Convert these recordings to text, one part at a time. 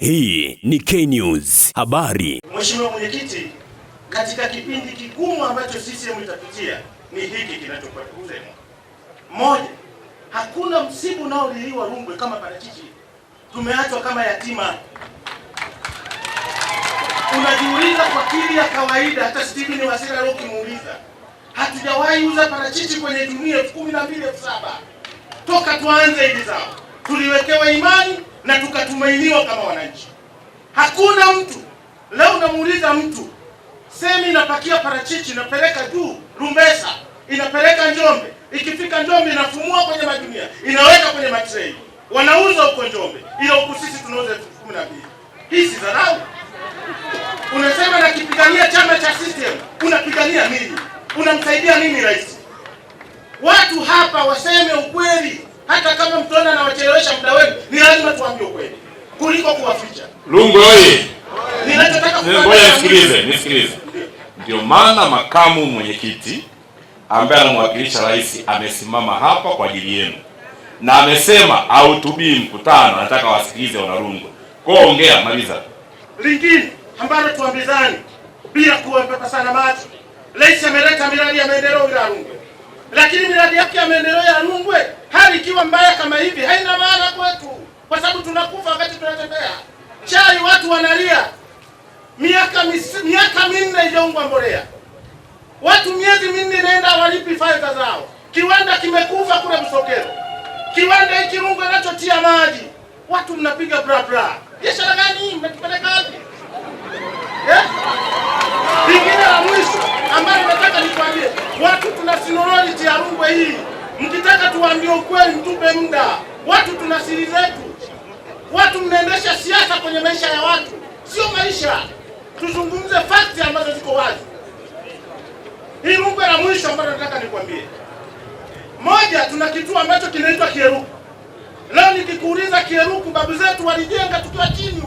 Hii ni K-News habari. Mheshimiwa Mwenyekiti, katika kipindi kigumu ambacho CCM itapitia ni hiki kinachopata kusema. Moja, hakuna msimu unaoliliwa Rungwe kama parachichi. Tumeachwa kama yatima. Unajiuliza kwa akili ya kawaida, hata Stephen Wasira leo kimuuliza, hatujawahi uza parachichi kwenye dunia elfu kumi na mbili elfu saba toka tuanze hivi. Sawa, tuliwekewa imani na tukatumainiwa kama wananchi. Hakuna mtu leo unamuuliza mtu semi inapakia parachichi inapeleka juu rumbesa inapeleka Njombe, ikifika Njombe inafumua kwenye magunia inaweka kwenye matrei, wanauza huko Njombe, ila huku sisi tunauza elfu kumi na mbili. Hii si dharau? Unasema nakipigania chama cha system, unapigania nini? Unamsaidia nini rais? Watu hapa waseme ukweli hata kama mtuona anawachelewesha muda wenu, ni lazima tuambie kweli kuliko kuwaficha. Lungu oye! Ninachotaka ngoja nisikilize, nisikilize. Ndio maana makamu mwenyekiti ambaye anamwakilisha rais amesimama hapa kwa ajili yenu na amesema autubii mkutano, anataka wasikilize wanarungu. Kwa ongea, maliza. Lingine ambalo tuambizani bila kuwa kuwapaka sana macho, rais ameleta miradi ya maendeleo Ilarungu lakini miradi yake ya maendeleo ya Rungwe hali ikiwa mbaya kama hivi haina maana kwetu, kwa sababu tunakufa wakati tunatembea. Chai watu wanalia, miaka miaka minne ijaungwa mbolea, watu miezi minne inaenda walipi faida zao. Kiwanda kimekufa kule Msokero, kiwanda hiki Rungwe nachotia maji, watu mnapiga bra bra, biashara gani mnatupeleka tuambie ukweli, mtupe muda. Watu tuna siri zetu, watu mnaendesha siasa kwenye maisha ya watu, sio maisha. Tuzungumze fakti ambazo ziko wazi. Hii mungu la mwisho ambayo nataka nikwambie, moja, tuna kituo ambacho kinaitwa Kieruku. Leo nikikuuliza Kieruku, babu zetu walijenga tukiwa chini,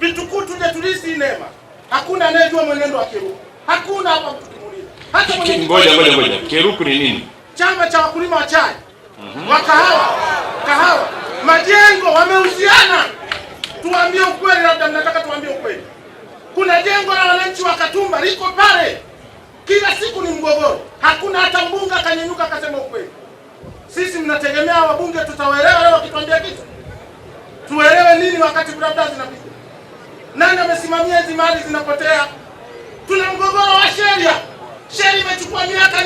vitukuu tuje tulisi neema. Hakuna anayejua mwenendo wa Kieruku, hakuna hapa mtu kimuuliza, hata mwenye. Ngoja ngoja ngoja, Kieruku ni nini? Chama cha wakulima wa chai wa kahawa kahawa, majengo wameuziana. Tuambie ukweli, labda mnataka tuambie ukweli. Kuna jengo la wananchi wa Katumba liko pale, kila siku ni mgogoro, hakuna hata mbunge akanyanyuka akasema ukweli. Sisi mnategemea wabunge tutawaelewa leo wakituambia kitu? Tuelewe nini wakati labda zinapiga? Nani amesimamia hizi mali zinapotea? Tuna mgogoro wa sheria, sheria imechukua miaka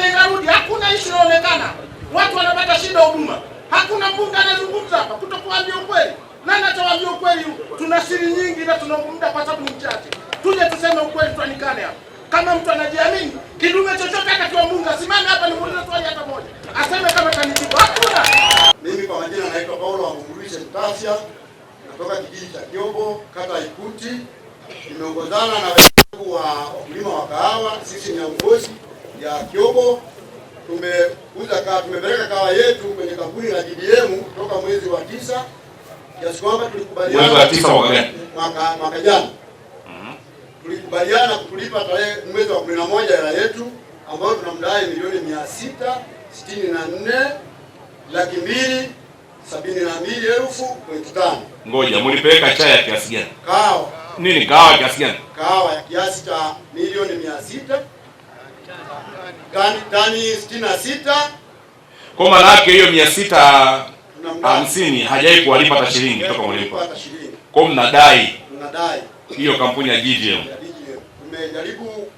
Mbunge anazungumza hapa, kutokuambia ukweli. Nani atawaambia ukweli? Tuna siri nyingi na tuna muda kwa sababu mchache. Tuje tuseme ukweli, tuanikane hapa. Kama mtu anajiamini kidume chochote, hata kiwa mbunge, asimame hapa nimuulize swali hata moja, aseme kama kanijibu. Hakuna. Mimi kwa majina naitwa Paulo Wangugulishe mtasya natoka kijiji cha Kyombo, kata Ikuti. Nimeongozana na wenzangu wa wakulima wa kahawa, sisi ni uongozi ya Kyombo tumeuza kawa, tumepeleka kawa yetu kwenye kampuni la GDM toka mwezi wa tisa kiasi kwamba tulikubaliana mwezi wa tisa mwaka mwaka jana mhm. tulikubaliana kulipa tarehe mwezi wa 11 hela yetu ambayo tunamdai milioni mia sita sitini na nne laki mbili sabini na mbili elfu pointi tano. Ngoja, mulipeleka chai ya kiasi gani? Kawa nini? Kawa ya kiasi gani? Kawa ya kiasi cha milioni mia sita tani sitini na sita kwa maana yake hiyo mia sita hamsini hajai kuwalipa hata shilingi toka mlipa Kwa hiyo mnadai hiyo kampuni ya GGM. Tumejaribu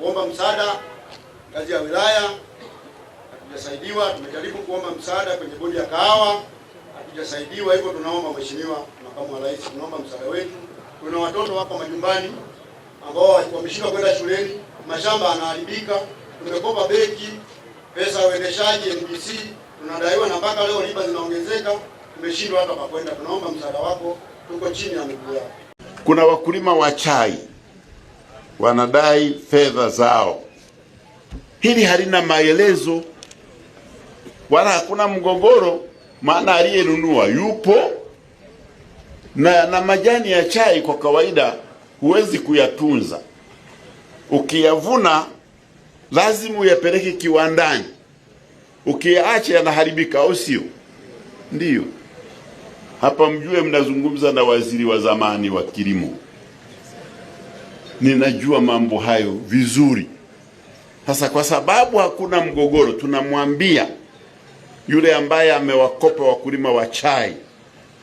kuomba msaada ngazi ya wilaya, hatujasaidiwa. Tumejaribu kuomba msaada kwenye bodi ya kahawa, hatujasaidiwa. Hivyo tunaomba Mheshimiwa Makamu wa Rais, tunaomba msaada wetu. Kuna watoto hapa majumbani ambao wameshindwa kwenda shuleni mashamba yanaharibika, tumekopa benki pesa ya uendeshaji NBC tunadaiwa na mpaka leo riba zinaongezeka, tumeshindwa hata pa kwenda. Tunaomba msaada wako, tuko chini ya miguu yako. Kuna wakulima wa chai wanadai fedha zao, hili halina maelezo wala hakuna mgogoro, maana aliyenunua yupo na, na majani ya chai kwa kawaida huwezi kuyatunza ukiyavuna lazima uyapeleke kiwandani, ukiyaacha yanaharibika, au sio? Ndiyo, hapa mjue mnazungumza na waziri wa zamani wa kilimo. Ninajua mambo hayo vizuri. Sasa kwa sababu hakuna mgogoro, tunamwambia yule ambaye amewakopa wakulima wa chai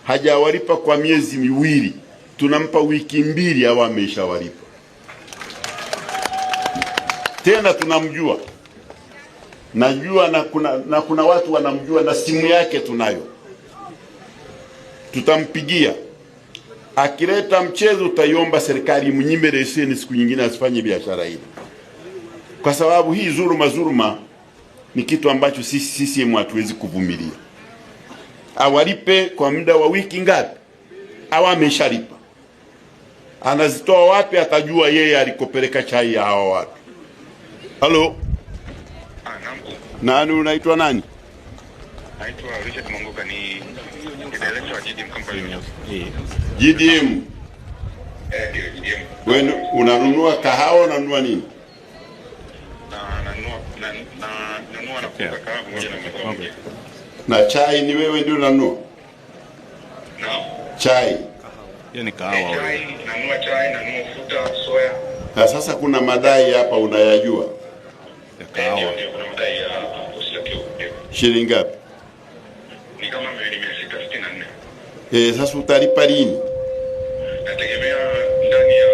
hajawalipa kwa miezi miwili, tunampa wiki mbili, au ameshawalipa tena tunamjua, najua na kuna, na kuna watu wanamjua na simu yake tunayo, tutampigia akileta mchezo, utaiomba serikali mnyime leseni siku nyingine asifanye biashara hili, kwa sababu hii zuruma zuruma ni kitu ambacho sisi CCM hatuwezi kuvumilia. Awalipe kwa muda wa wiki ngapi? Awa ameshalipa, anazitoa wapi? Atajua yeye alikopeleka chai ya hawa watu. Halo. Ah, nani unaitwa nani? Naitwa Richard Mongoka ni director wa GDM company. GDM. Eh, GDM. Wewe unanunua kahawa unanunua nini? Na nanunua na nanunua na kuuza kahawa pamoja na maziwa. Na chai ni wewe ndio unanunua? Naam. Chai. Hiyo ni kahawa. wewe. nanunua chai, nanunua futa, soya. Na sasa kuna madai hapa unayajua? Yaani, uh, ya kahawa shilingi ngapi? Ni kama milioni 664. Eh, sasa utalipa lini? Nategemea ndani ya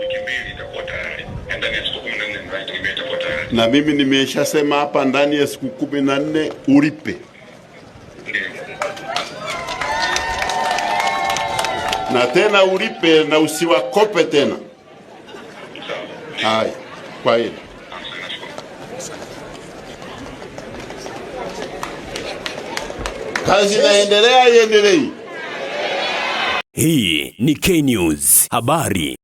wiki mbili itakuwa tayari. Ndani ya siku 14 nategemea itakuwa tayari. Na mimi nimeshasema hapa ndani ya siku 14 ulipe. na tena ulipe na usiwakope tena. Haya, kwa hili Kazi inaendelea, iendelee. Hii ni K News habari.